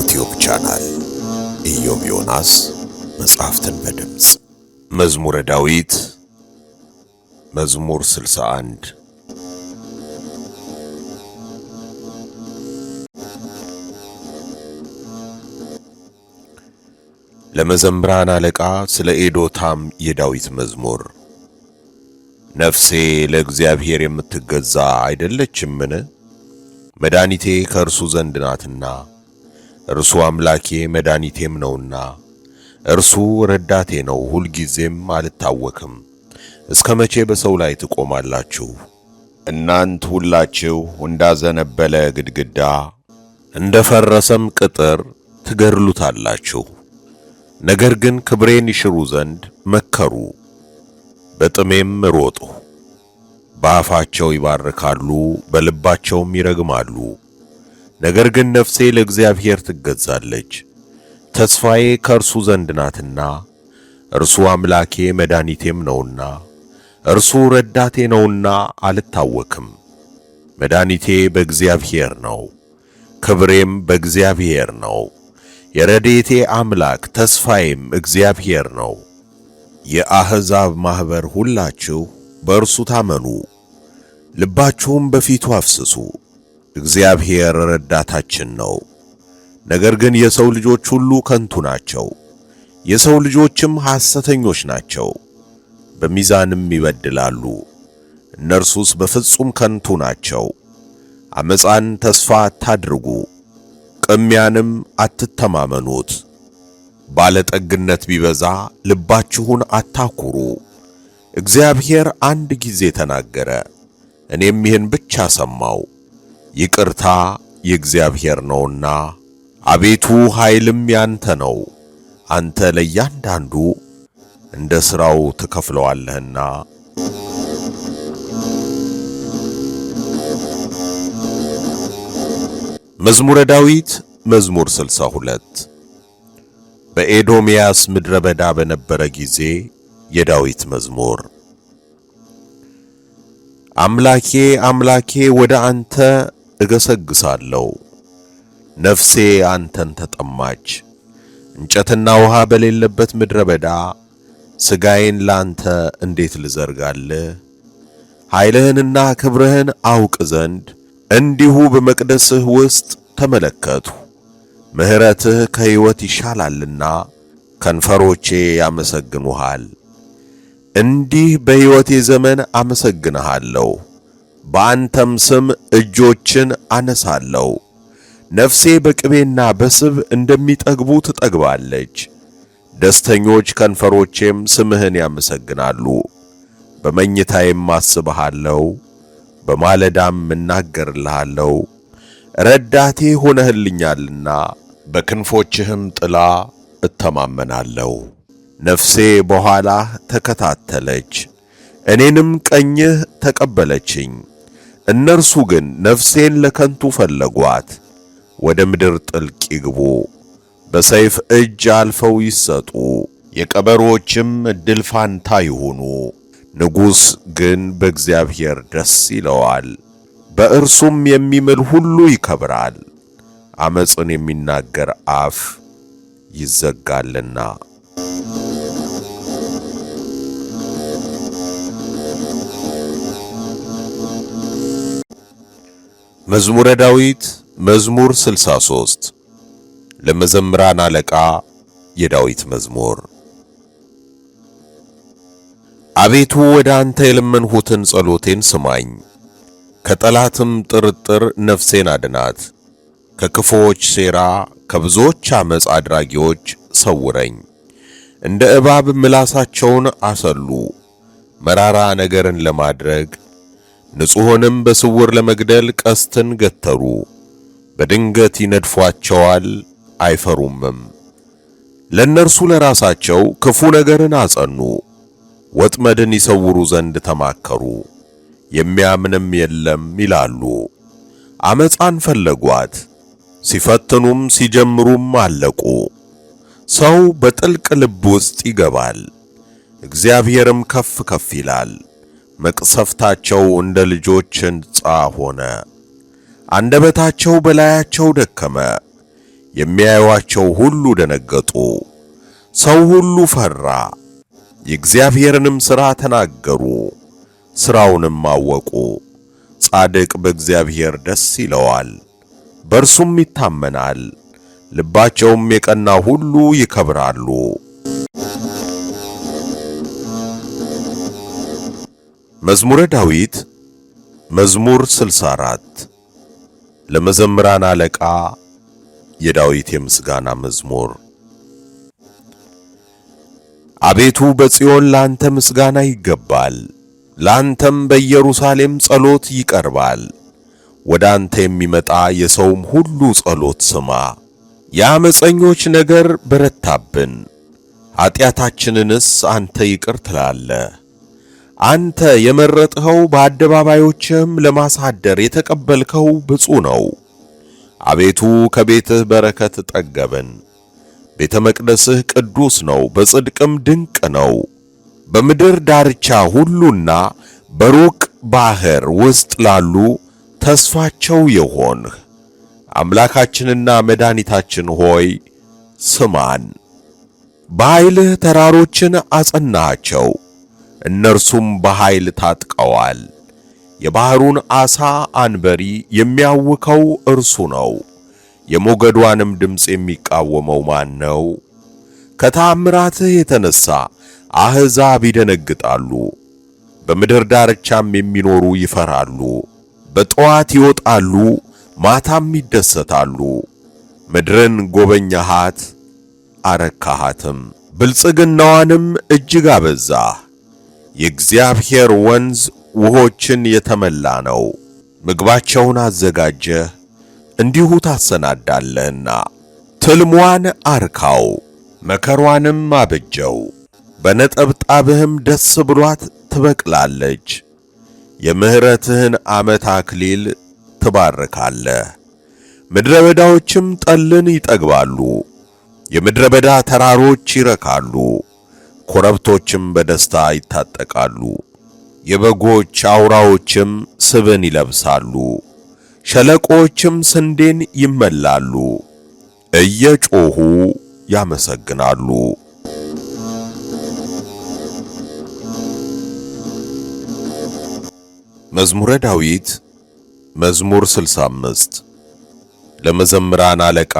ዩቲዩብ ቻናል ኢዮብ ዮናስ መጽሐፍትን በድምፅ መዝሙረ ዳዊት መዝሙር 61 ለመዘምራን አለቃ ስለ ኤዶታም የዳዊት መዝሙር። ነፍሴ ለእግዚአብሔር የምትገዛ አይደለችምን? መድኃኒቴ ከእርሱ ዘንድ ናትና እርሱ አምላኬ መድኃኒቴም ነውና እርሱ ረዳቴ ነው፣ ሁልጊዜም አልታወክም። እስከ መቼ በሰው ላይ ትቆማላችሁ? እናንት ሁላችሁ እንዳዘነበለ ግድግዳ እንደፈረሰም ቅጥር ትገድሉታላችሁ። ነገር ግን ክብሬን ይሽሩ ዘንድ መከሩ፣ በጥሜም ሮጡ። በአፋቸው ይባርካሉ፣ በልባቸውም ይረግማሉ። ነገር ግን ነፍሴ ለእግዚአብሔር ትገዛለች፣ ተስፋዬ ከእርሱ ዘንድ ናትና። እርሱ አምላኬ መድኃኒቴም ነውና፣ እርሱ ረዳቴ ነውና አልታወክም። መድኃኒቴ በእግዚአብሔር ነው፣ ክብሬም በእግዚአብሔር ነው። የረዴቴ አምላክ ተስፋዬም እግዚአብሔር ነው። የአሕዛብ ማኅበር ሁላችሁ በእርሱ ታመኑ፣ ልባችሁም በፊቱ አፍስሱ። እግዚአብሔር ረዳታችን ነው። ነገር ግን የሰው ልጆች ሁሉ ከንቱ ናቸው፣ የሰው ልጆችም ሐሰተኞች ናቸው፣ በሚዛንም ይበድላሉ። እነርሱስ በፍጹም ከንቱ ናቸው። አመፃን ተስፋ አታድርጉ፣ ቅሚያንም አትተማመኑት። ባለጠግነት ቢበዛ ልባችሁን አታኩሩ። እግዚአብሔር አንድ ጊዜ ተናገረ፣ እኔም ይህን ብቻ ሰማው። ይቅርታ የእግዚአብሔር ነውና፣ አቤቱ ኃይልም ያንተ ነው። አንተ ለእያንዳንዱ እንደ ሥራው ትከፍለዋለህና። መዝሙረ ዳዊት መዝሙር 62 በኤዶምያስ ምድረ በዳ በነበረ ጊዜ የዳዊት መዝሙር። አምላኬ አምላኬ ወደ አንተ እገሰግሳለሁ። ነፍሴ አንተን ተጠማች። እንጨትና ውሃ በሌለበት ምድረ በዳ ሥጋዬን ላንተ እንዴት ልዘርጋልህ? ኃይልህንና ክብርህን አውቅ ዘንድ እንዲሁ በመቅደስህ ውስጥ ተመለከቱ! ምሕረትህ ከሕይወት ይሻላልና ከንፈሮቼ ያመሰግኑሃል። እንዲህ በሕይወቴ ዘመን አመሰግንሃለሁ። በአንተም ስም እጆችን አነሳለሁ። ነፍሴ በቅቤና በስብ እንደሚጠግቡ ትጠግባለች። ደስተኞች ከንፈሮቼም ስምህን ያመሰግናሉ። በመኝታዬም አስብሃለሁ፣ በማለዳም እናገርልሃለሁ። ረዳቴ ሆነህልኛልና በክንፎችህም ጥላ እተማመናለሁ። ነፍሴ በኋላህ ተከታተለች፣ እኔንም ቀኝህ ተቀበለችኝ። እነርሱ ግን ነፍሴን ለከንቱ ፈለጓት፣ ወደ ምድር ጥልቅ ይግቡ፣ በሰይፍ እጅ አልፈው ይሰጡ፣ የቀበሮችም እድል ፋንታ ይሁኑ። ንጉሥ ግን በእግዚአብሔር ደስ ይለዋል፣ በእርሱም የሚምል ሁሉ ይከብራል። ዓመፅን የሚናገር አፍ ይዘጋልና። መዝሙረ ዳዊት መዝሙር 63 ለመዘምራን አለቃ የዳዊት መዝሙር። አቤቱ ወደ አንተ የለመንሁትን ጸሎቴን ስማኝ፣ ከጠላትም ጥርጥር ነፍሴን አድናት። ከክፉዎች ሴራ፣ ከብዙዎች ዓመፅ አድራጊዎች ሰውረኝ። እንደ እባብ ምላሳቸውን አሰሉ፣ መራራ ነገርን ለማድረግ ንጹሑንም በስውር ለመግደል ቀስትን ገተሩ። በድንገት ይነድፏቸዋል፣ አይፈሩምም። ለእነርሱ ለራሳቸው ክፉ ነገርን አጸኑ፣ ወጥመድን ይሰውሩ ዘንድ ተማከሩ። የሚያምንም የለም ይላሉ። አመፃን ፈለጓት፣ ሲፈትኑም ሲጀምሩም አለቁ። ሰው በጥልቅ ልብ ውስጥ ይገባል፣ እግዚአብሔርም ከፍ ከፍ ይላል። መቅሰፍታቸው እንደ ልጆች ሕንፃ ሆነ፣ አንደበታቸው በላያቸው ደከመ። የሚያዩአቸው ሁሉ ደነገጡ፣ ሰው ሁሉ ፈራ። የእግዚአብሔርንም ሥራ ተናገሩ፣ ሥራውንም አወቁ። ጻድቅ በእግዚአብሔር ደስ ይለዋል፣ በእርሱም ይታመናል። ልባቸውም የቀና ሁሉ ይከብራሉ። መዝሙረ ዳዊት መዝሙር 64 ለመዘምራን አለቃ የዳዊት የምስጋና መዝሙር። አቤቱ በጽዮን ላንተ ምስጋና ይገባል፣ ላንተም በኢየሩሳሌም ጸሎት ይቀርባል። ወደ አንተ የሚመጣ የሰውም ሁሉ ጸሎት ስማ። የአመፀኞች ነገር በረታብን፣ ኃጢአታችንንስ አንተ ይቅር ትላለህ። አንተ የመረጥኸው በአደባባዮችም ለማሳደር የተቀበልከው ብፁ ነው። አቤቱ ከቤትህ በረከት ጠገብን። ቤተ መቅደስህ ቅዱስ ነው፣ በጽድቅም ድንቅ ነው። በምድር ዳርቻ ሁሉና በሩቅ ባህር ውስጥ ላሉ ተስፋቸው የሆንህ አምላካችንና መድኃኒታችን ሆይ ስማን። በኃይልህ ተራሮችን አጸናቸው እነርሱም በኃይል ታጥቀዋል። የባህሩን ዓሣ አንበሪ የሚያውከው እርሱ ነው። የሞገዷንም ድምፅ የሚቃወመው ማን ነው? ከተአምራትህ የተነሳ አሕዛብ ይደነግጣሉ፣ በምድር ዳርቻም የሚኖሩ ይፈራሉ። በጠዋት ይወጣሉ፣ ማታም ይደሰታሉ። ምድርን ጎበኛሃት፣ አረካሃትም፣ ብልጽግናዋንም እጅግ አበዛህ። የእግዚአብሔር ወንዝ ውሆችን የተመላ ነው። ምግባቸውን አዘጋጀ እንዲሁ ታሰናዳለህና። ትልሟን አርካው መከሯንም አበጀው፣ በነጠብጣብህም ደስ ብሏት ትበቅላለች። የምሕረትህን ዓመት አክሊል ትባርካለህ። ምድረ በዳዎችም ጠልን ይጠግባሉ፣ የምድረ በዳ ተራሮች ይረካሉ። ኮረብቶችም በደስታ ይታጠቃሉ። የበጎች አውራዎችም ስብን ይለብሳሉ፣ ሸለቆዎችም ስንዴን ይመላሉ፣ እየጮሁ ያመሰግናሉ። መዝሙረ ዳዊት መዝሙር 65 ለመዘምራን አለቃ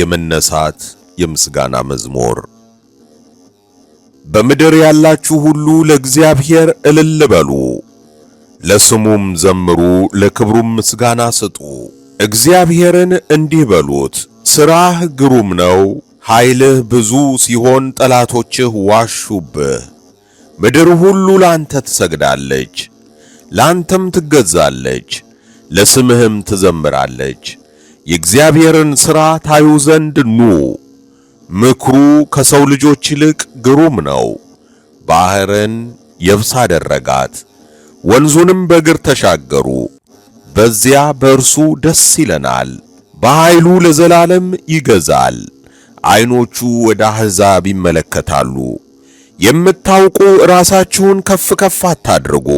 የመነሳት የምስጋና መዝሙር በምድር ያላችሁ ሁሉ ለእግዚአብሔር እልል በሉ፣ ለስሙም ዘምሩ፣ ለክብሩም ምስጋና ስጡ። እግዚአብሔርን እንዲህ በሉት፣ ሥራህ ግሩም ነው፣ ኃይልህ ብዙ ሲሆን ጠላቶችህ ዋሹብህ። ምድር ሁሉ ላንተ ትሰግዳለች፣ ላንተም ትገዛለች፣ ለስምህም ትዘምራለች። የእግዚአብሔርን ሥራ ታዩ ዘንድ ኑ ምክሩ ከሰው ልጆች ይልቅ ግሩም ነው። ባህርን የብስ አደረጋት፣ ወንዙንም በእግር ተሻገሩ። በዚያ በእርሱ ደስ ይለናል። በኃይሉ ለዘላለም ይገዛል። ዐይኖቹ ወደ አሕዛብ ይመለከታሉ። የምታውቁ ራሳችሁን ከፍ ከፍ አታድርጉ።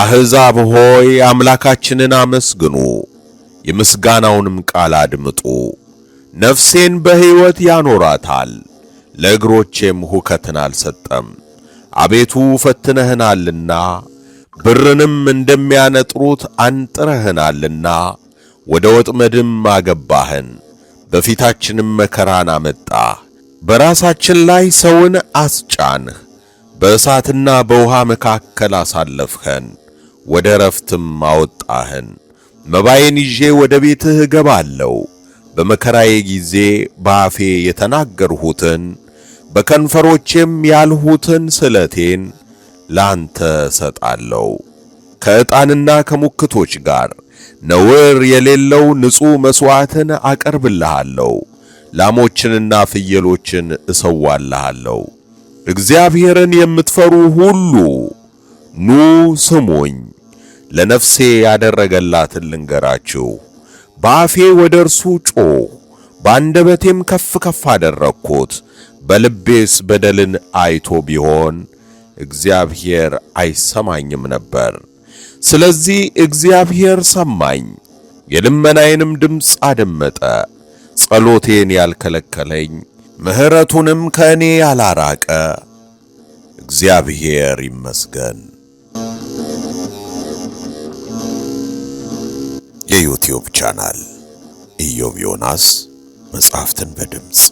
አሕዛብ ሆይ አምላካችንን አመስግኑ፣ የምስጋናውንም ቃል አድምጡ። ነፍሴን በሕይወት ያኖራታል፣ ለእግሮቼም ሁከትን አልሰጠም። አቤቱ ፈትነህናልና ብርንም እንደሚያነጥሩት አንጥረህናልና ወደ ወጥመድም አገባህን። በፊታችንም መከራን አመጣ በራሳችን ላይ ሰውን አስጫንህ። በእሳትና በውሃ መካከል አሳለፍኸን፣ ወደ ረፍትም አወጣህን። መባዬን ይዤ ወደ ቤትህ እገባለሁ። በመከራዬ ጊዜ በአፌ የተናገርሁትን በከንፈሮቼም ያልሁትን ስለቴን ላንተ ሰጣለሁ። ከዕጣንና ከሙክቶች ጋር ነውር የሌለው ንጹሕ መሥዋዕትን አቀርብልሃለሁ። ላሞችንና ፍየሎችን እሰዋልሃለሁ። እግዚአብሔርን የምትፈሩ ሁሉ ኑ ስሙኝ፣ ለነፍሴ ያደረገላትን ልንገራችሁ። በአፌ ወደ እርሱ ጮ በአንደበቴም ከፍ ከፍ አደረኩት በልቤስ በደልን አይቶ ቢሆን እግዚአብሔር አይሰማኝም ነበር። ስለዚህ እግዚአብሔር ሰማኝ፣ የልመናዬንም ድምፅ አደመጠ። ጸሎቴን ያልከለከለኝ ምሕረቱንም ከእኔ ያላራቀ እግዚአብሔር ይመስገን። የዩቲዩብ ቻናል ኢዮብ ዮናስ መጽሐፍትን በድምፅ